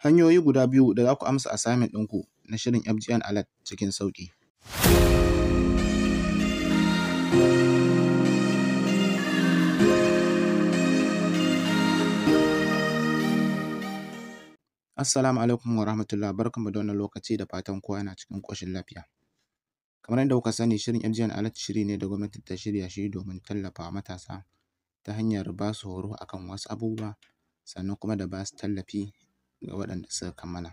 hanyoyi guda biyu da za ku amsa assignment ɗinku na shirin FGN Alert cikin sauƙi. Assalamu alaikum wa rahmatullah barkanmu da wannan lokaci da fatan kowa yana cikin ƙoshin lafiya. Kamar yadda kuka sani shirin FGN Alert shiri ne da gwamnati ta shirya shi domin tallafa matasa ta hanyar ba su horo akan wasu abubuwa sannan kuma da ba su tallafi ga waɗanda suka kammala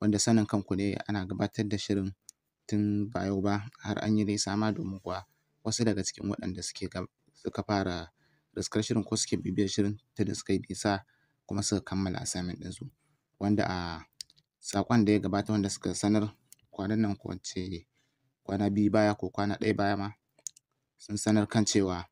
wanda sanin kanku ne ana gabatar da shirin tun ba yau ba har an yi nisa ma domin kuwa wasu daga cikin waɗanda suke suka fara riskar shirin ko suke bibiyar shirin tunda suka yi nisa kuma suka kammala assignment ɗinsu wanda a saƙon da ya gabata wanda suka sanar kwanan nan ko kwana biyu baya ko kwana ɗaya baya ma sun sanar kan cewa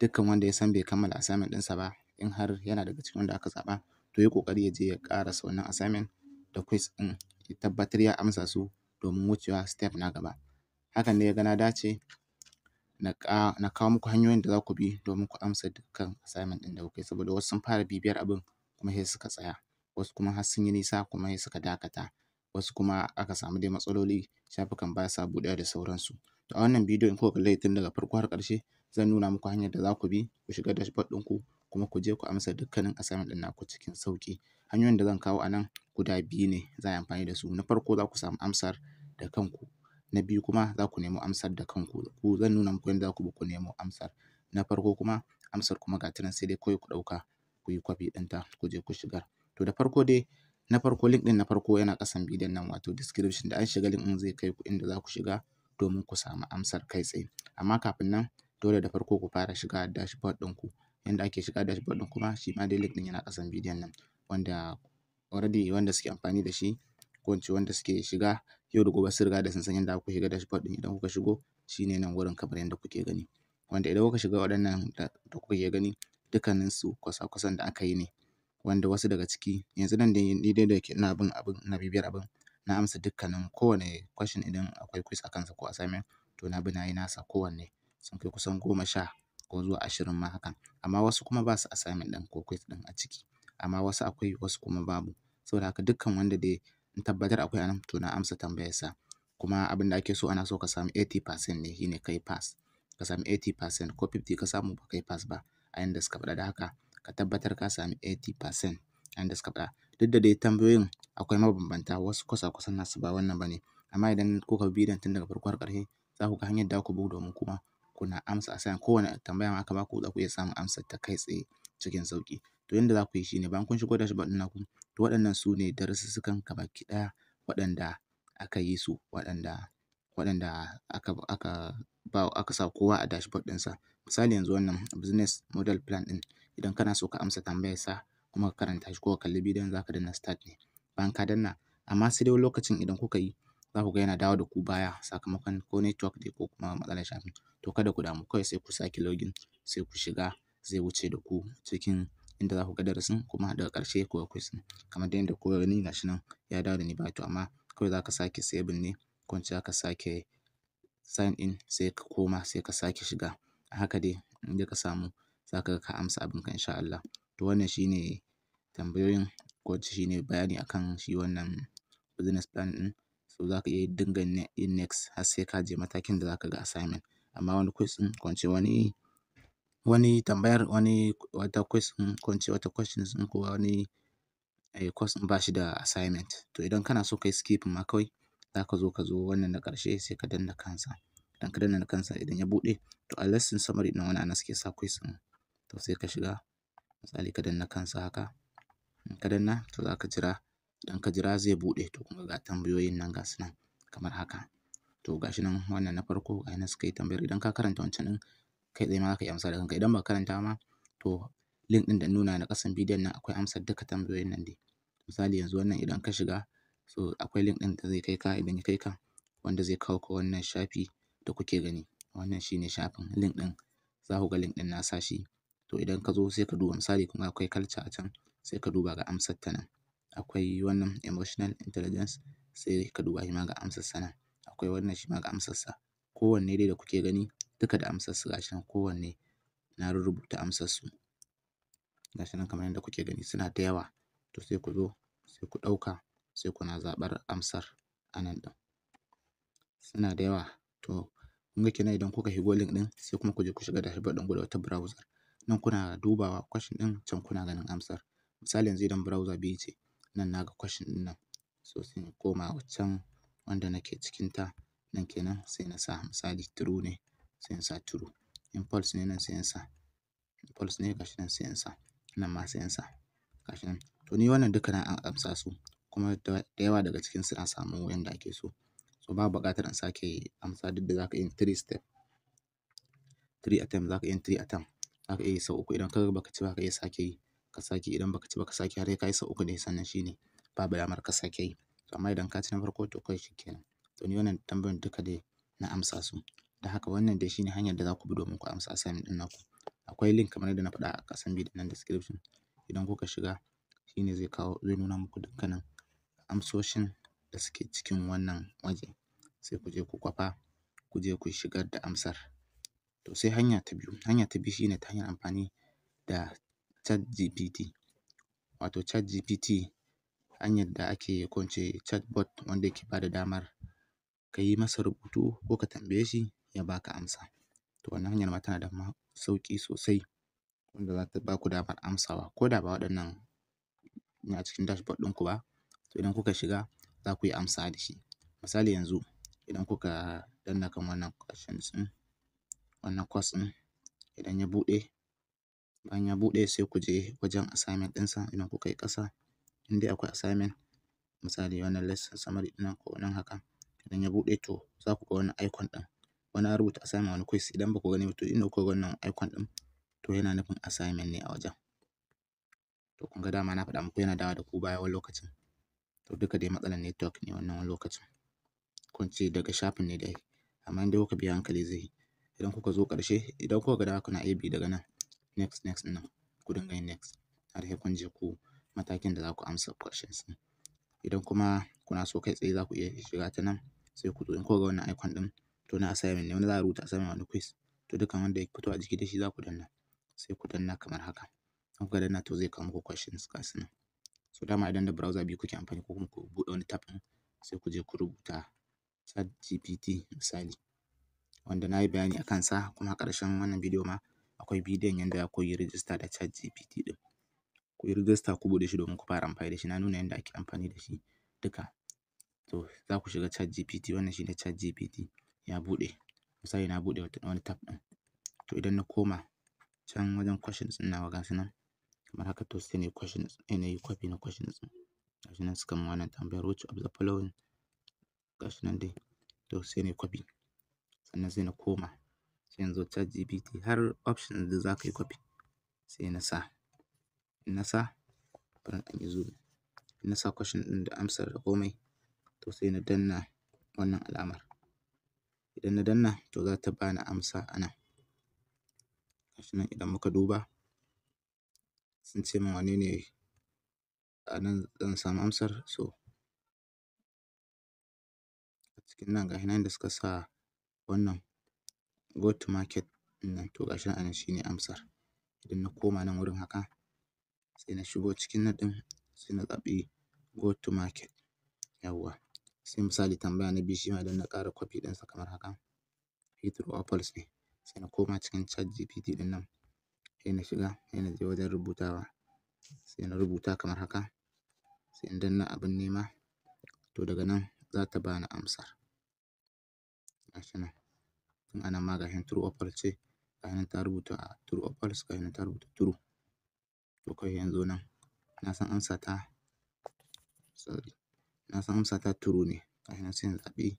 dukkan wanda ya san bai kammala assignment ɗinsa ba in har yana daga cikin wanda aka zaɓa to yi ƙoƙari ya je ya ƙarasa wannan assignment da quiz ɗin ya tabbatar ya amsa su domin wucewa step na gaba. Hakan ne ya ga na dace na kawo muku hanyoyin da za ku bi domin ku amsa dukkan assignment ɗin da ku saboda wasu sun fara bibiyar abin kuma sai suka tsaya wasu kuma har sun yi nisa kuma sai suka dakata wasu kuma aka samu dai matsaloli shafukan ba sa buɗe da sauransu. To a wannan bidiyo in kuka kalle tun daga farko har ƙarshe zan nuna muku hanyar da za ku bi ku shiga dashboard ɗinku kuma ku je ku amsa dukkanin assignment ɗin naku cikin sauƙi. Hanyoyin da zan kawo a nan guda biyu ne za a yi amfani da su. Na farko za ku samu amsar da kanku, na biyu kuma za ku nemo amsar da kanku. Ku zan nuna muku yadda za ku bi ku nemo amsar. Na farko kuma amsar kuma ga ta sai dai kawai ku ɗauka ku yi copy ɗinta ku je ku shigar. To da farko dai na farko link ɗin na farko yana ƙasan bidiyon nan wato description da an shiga link ɗin zai kai ku inda za ku shiga domin ku samu amsar kai tsaye. Amma kafin nan dole da farko ku fara shiga dashboard ɗinku. yanda ake shiga dashboard din kuma shi ma dai link ɗin yana ƙasan bidiyon nan wanda already wanda suke amfani da shi ko in wanda suke shiga yau da gobe sun riga da sun san yanda kuka shiga dashboard din idan kuka shigo shi ne nan wurin kamar yadda kuke gani wanda idan kuka shiga waɗannan da kuke gani dukkaninsu kwasa-kwasan da aka yi ne wanda wasu daga ciki yanzu nan dai ni dai da ke ina bin abin na bibiyar abin na amsa dukkanin kowane question idan akwai quiz a kansa ko assignment to na bi na yi nasa kowanne sun kai kusan goma sha ko zuwa ashirin ma hakan amma wasu kuma ba su assignment ɗin ko quiz ɗin a ciki amma wasu akwai wasu kuma babu saboda haka dukkan wanda dai in tabbatar akwai anan to na amsa sa kuma abin da ake so ana so ka samu 80% ne shine kai pass ka samu 80% ko 50 ka samu ba kai pass ba a yanda suka faɗa da haka ka tabbatar ka sami 80% a yanda suka faɗa duk da dai tambayoyin akwai mabambanta wasu kusa kusan nasu ba wannan bane amma idan kuka bi dan tun daga farko har ƙarshe za ku ga hanyar da ku bi domin kuma kuna amsa assignment kowane tambaya ma aka baku za ku iya samun amsar ta kai tsaye cikin sauki To yanda za ku yi shi ne bayan kun shigo dashboard ɗin naku to waɗannan su ne darussukan gabaki ɗaya waɗanda aka yi su waɗanda waɗanda aka aka ba aka sa kowa a dashboard ɗinsa. Misali yanzu wannan business model plan ɗin idan kana so ka amsa sa kuma ka karanta shi ko ka kalli bidiyon za ka danna start ne. Bayan ka danna amma sai dai lokacin idan kuka yi za ku ga yana dawo da ku baya sakamakon ko network dai ko kuma matsalar shafin to kada ku damu kawai sai ku sake login sai ku shiga zai wuce da ku cikin inda za ku ga darasin kuma daga ƙarshe ku ga quiz kamar dai yadda kowa gani gashi nan ya dawo da ni ba to amma kawai za ka sake saving ne ko za ka sake sign in sai ka koma sai ka sake shiga a haka dai in ka samu za ka ga ka amsa ka insha Allah to wannan shine tambayoyin ko shine bayani akan shi wannan business plan ɗin so za ka iya dinga yin next har sai ka je matakin da za ka ga assignment amma wani quiz ɗin ko in wani wani tambayar wani wata quiz ɗin ko in wata questions ɗin ko wani eh, course ɗin ba shi da assignment to idan kana so ka yi skip ma kawai za ka zo ka zo wannan na ƙarshe sai ka danna kansa idan ka danna kansa idan ya buɗe to a lesson summary ɗin wani ana suke sa quiz ɗin to sai ka shiga misali ka danna kansa haka in ka danna to za ka jira Idan ka jira zai buɗe to kuma ga tambayoyin nan ga su nan kamar haka to gashi nan wannan na farko ga nan suka yi tambayar idan ka karanta wancan nan kai tsaye ma za ka yi amsa da kanka idan ba karanta ma to link ɗin da nuna na ƙasan bidiyon nan akwai amsar duka tambayoyin nan dai misali yanzu wannan idan ka shiga so akwai link ɗin da zai kai ka idan ya kai ka wanda zai kawo ka wannan shafi da kuke gani wannan shine shafin link ɗin za ku ga link ɗin na sa shi to idan ka zo sai ka duba misali kuma akwai culture a can sai ka duba ga amsar ta nan akwai wannan emotional intelligence sai ka duba shi ma ga amsarsa nan. Akwai wannan shi ma ga sa Kowanne dai da kuke gani duka da su gashi nan kowanne na rurrubuta su Gashi nan kamar yadda kuke gani suna da yawa. To sai ku zo sai ku ɗauka sai kuna zaɓar amsar a nan ɗin. Suna da yawa. To in ga kenan idan kuka shigo link ɗin sai kuma ku je ku shiga dashboard ɗin da wata browser. Nan kuna dubawa question ɗin can kuna ganin amsar. Misali yanzu idan browser biyu ce Nan na ga question ɗin nan. So sai na koma wancan wanda nake cikinta. Nan kenan sai na sa misali true ne sai na sa true. In ne nan sai na sa false ne gashi nan sai na sa. Nan ma sai na sa gashi nan. To ni wannan duka na an amsa su kuma da yawa daga cikinsu na samu yanda ake so. So babu buƙatar in sake amsa duk da za ka yi three step. Three attempt za ka iya three attempt. Za iya yi sau uku idan ka ga baka ka ci ba ka iya sake yi. ka sake idan baka ci ba ka sake har ka yi sau uku ne sannan shine babu damar ka sake yi amma idan ka ci na farko to kai shikenan to ni wannan tambayoyin duka dai na amsa su da haka wannan dai shine hanyar da za ku bi domin ku amsa assignment ɗin naku akwai link kamar yadda na faɗa a ƙasan bidiyon nan description idan kuka shiga shine zai kawo zai nuna muku dukkanin amsoshin da suke cikin wannan waje sai ku je ku kwafa ku je ku shigar da amsar to sai hanya ta biyu hanya ta biyu shine ta hanyar amfani da ChatGPT. Wato ChatGPT hanyar da ake ko in chatbot wanda yake ba da damar ka yi masa rubutu ko ka tambaye shi ya ba ka amsa. To wannan hanyar ma tana da sauƙi sosai wanda za ta ba ku damar amsawa ko da ba waɗannan na cikin dashboard ɗinku ba. To idan kuka shiga za ku yi amsa da shi. Misali yanzu idan kuka danna kan wannan questions wannan course ɗin idan ya buɗe bayan ya buɗe sai ku je wajen assignment ɗinsa idan kuka yi ƙasa in dai akwai assignment misali wannan lesson summary ɗin ko nan haka idan ya buɗe to za ku ga wannan icon ɗin wani an rubuta assignment wani quiz idan ba ku gani to inda kuka ga wannan icon ɗin to yana nufin assignment ne a wajen to kun ga dama na faɗa muku yana dawa da ku baya wani lokacin to duka dai matsalar network ne wannan wani lokacin kun ce daga shafin ne dai amma in dai kuka biya hankali zai yi idan kuka zo ƙarshe idan kuka ga dama kuna AB daga nan next next nan ku dinga mm. yin next har sai kun je ku matakin da za ku amsa questions ɗin idan kuma kuna so kai tsaye za ku iya shiga ta nan sai ku in kuka ga wannan icon ɗin to na assignment ne wani za a rubuta assignment wani quiz to dukkan wanda ya fito a jiki da shi za ku danna sai ku danna kamar haka in kuka danna to zai kawo muku questions ga su nan so dama idan da browser biyu kuke amfani ko kuma ku buɗe wani tab ɗin sai ku je ku rubuta chat GPT misali wanda na yi bayani a kansa kuma a ƙarshen wannan bidiyo ma akwai bidiyon yanda za ku yi rijista da chat GPT ɗin. Ku yi rijista ku buɗe shi domin ku fara amfani da shi. Na nuna yanda ake amfani da shi duka. To za ku shiga chat GPT wannan shi ne chat GPT ya buɗe. Misali na buɗe wata wani tab ɗin. To idan na koma can wajen questions ɗin nawa ga su nan kamar haka to sai na yi questions sai eh, na yi copy na questions ɗin. Ga shi nan suka min wannan tambayar which of the following ga shi nan dai to sai na yi copy sannan sai na koma. sai in zo chat GPT har option da za ka yi copy sai na sa in na sa bari in yi zoom in na sa question ɗin da amsar da komai to sai na danna wannan alamar idan na danna to za ta bani amsa a nan gashi nan idan muka duba sun ce min wane ne a nan zan samu amsar so cikin nan gashi nan da suka sa wannan go to market nan to gashi nan shi ne amsar idan na koma nan wurin haka sai na shigo cikin nan ɗin sai na zaɓi go to market yawwa sai misali tambaya na biyu ma idan na ƙara copy ɗinsa kamar haka Heathrow apples ne sai na koma cikin chat GPT ɗin nan sai na shiga sai na je wajen rubutawa sai na rubuta kamar haka sai in danna abin nema to daga nan za ta bani amsar gashi nan tun anan ma ga true or false ce ga nan ta rubuta true or false ga nan ta rubuta true to kai yanzu nan na san amsa ta sorry na san amsa ta true ne ga nan sai in zaɓi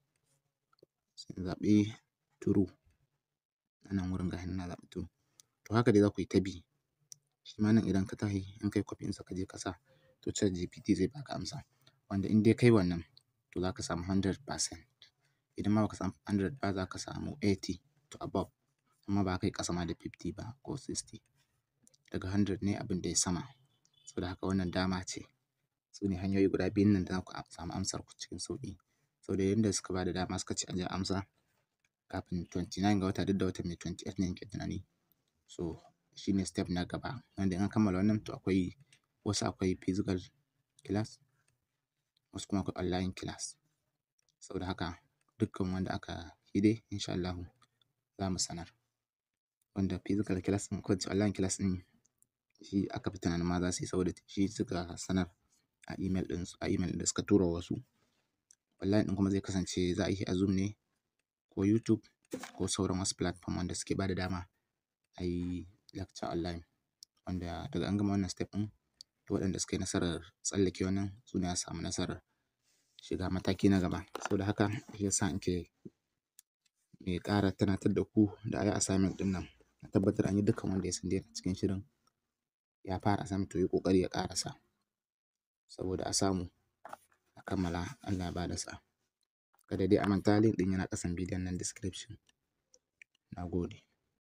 sai in zaɓi true anan wurin ga nan na zaɓi true to haka dai za ku yi ta bi shi ma nan idan ka tahi in kai copy ɗinsa ka je ka sa to chat GPT zai baka amsa wanda in dai kai wannan to za ka samu 100%. idan ma baka samu 100 ba za ka samu 80 to above amma ba kai ƙasa ma da 50 ba ko 60 daga 100 ne abin da ya sama saboda haka wannan dama ce su ne hanyoyi guda biyun nan da za ku samu amsar ku cikin sauƙi saboda yadda suka ba da dama suka ce an ji amsa kafin 29 ga wata duk da watan mai 28 ne ke tunani so shi ne step na gaba wanda in an kammala wannan to akwai wasu akwai physical class wasu kuma akwai online class saboda haka dukkan wanda aka yi dai insha Allah za mu sanar. Wanda physical class ɗin ko online class ɗin shi aka fi tunanin ma za su yi saboda shi suka sanar a email ɗin a email da suka tura wasu. wallahi ɗin kuma zai kasance za a yi a Zoom ne ko YouTube ko sauran wasu platform wanda suke ba da dama a yi lecture online. Wanda daga an gama wannan step ɗin waɗanda suka yi nasarar tsallake wannan su ne samu nasarar shiga mataki na gaba saboda haka shi yasa nake mai ƙara tunatar da ku da ayi assignment ɗin nan a tabbatar an yi dukkan wanda ya san dai cikin shirin ya fara assignment to yi ƙoƙari ya ƙarasa saboda a samu a kammala Allah ya ba da sa'a kada dai a manta link ɗin yana ƙasan bidiyon nan description na gode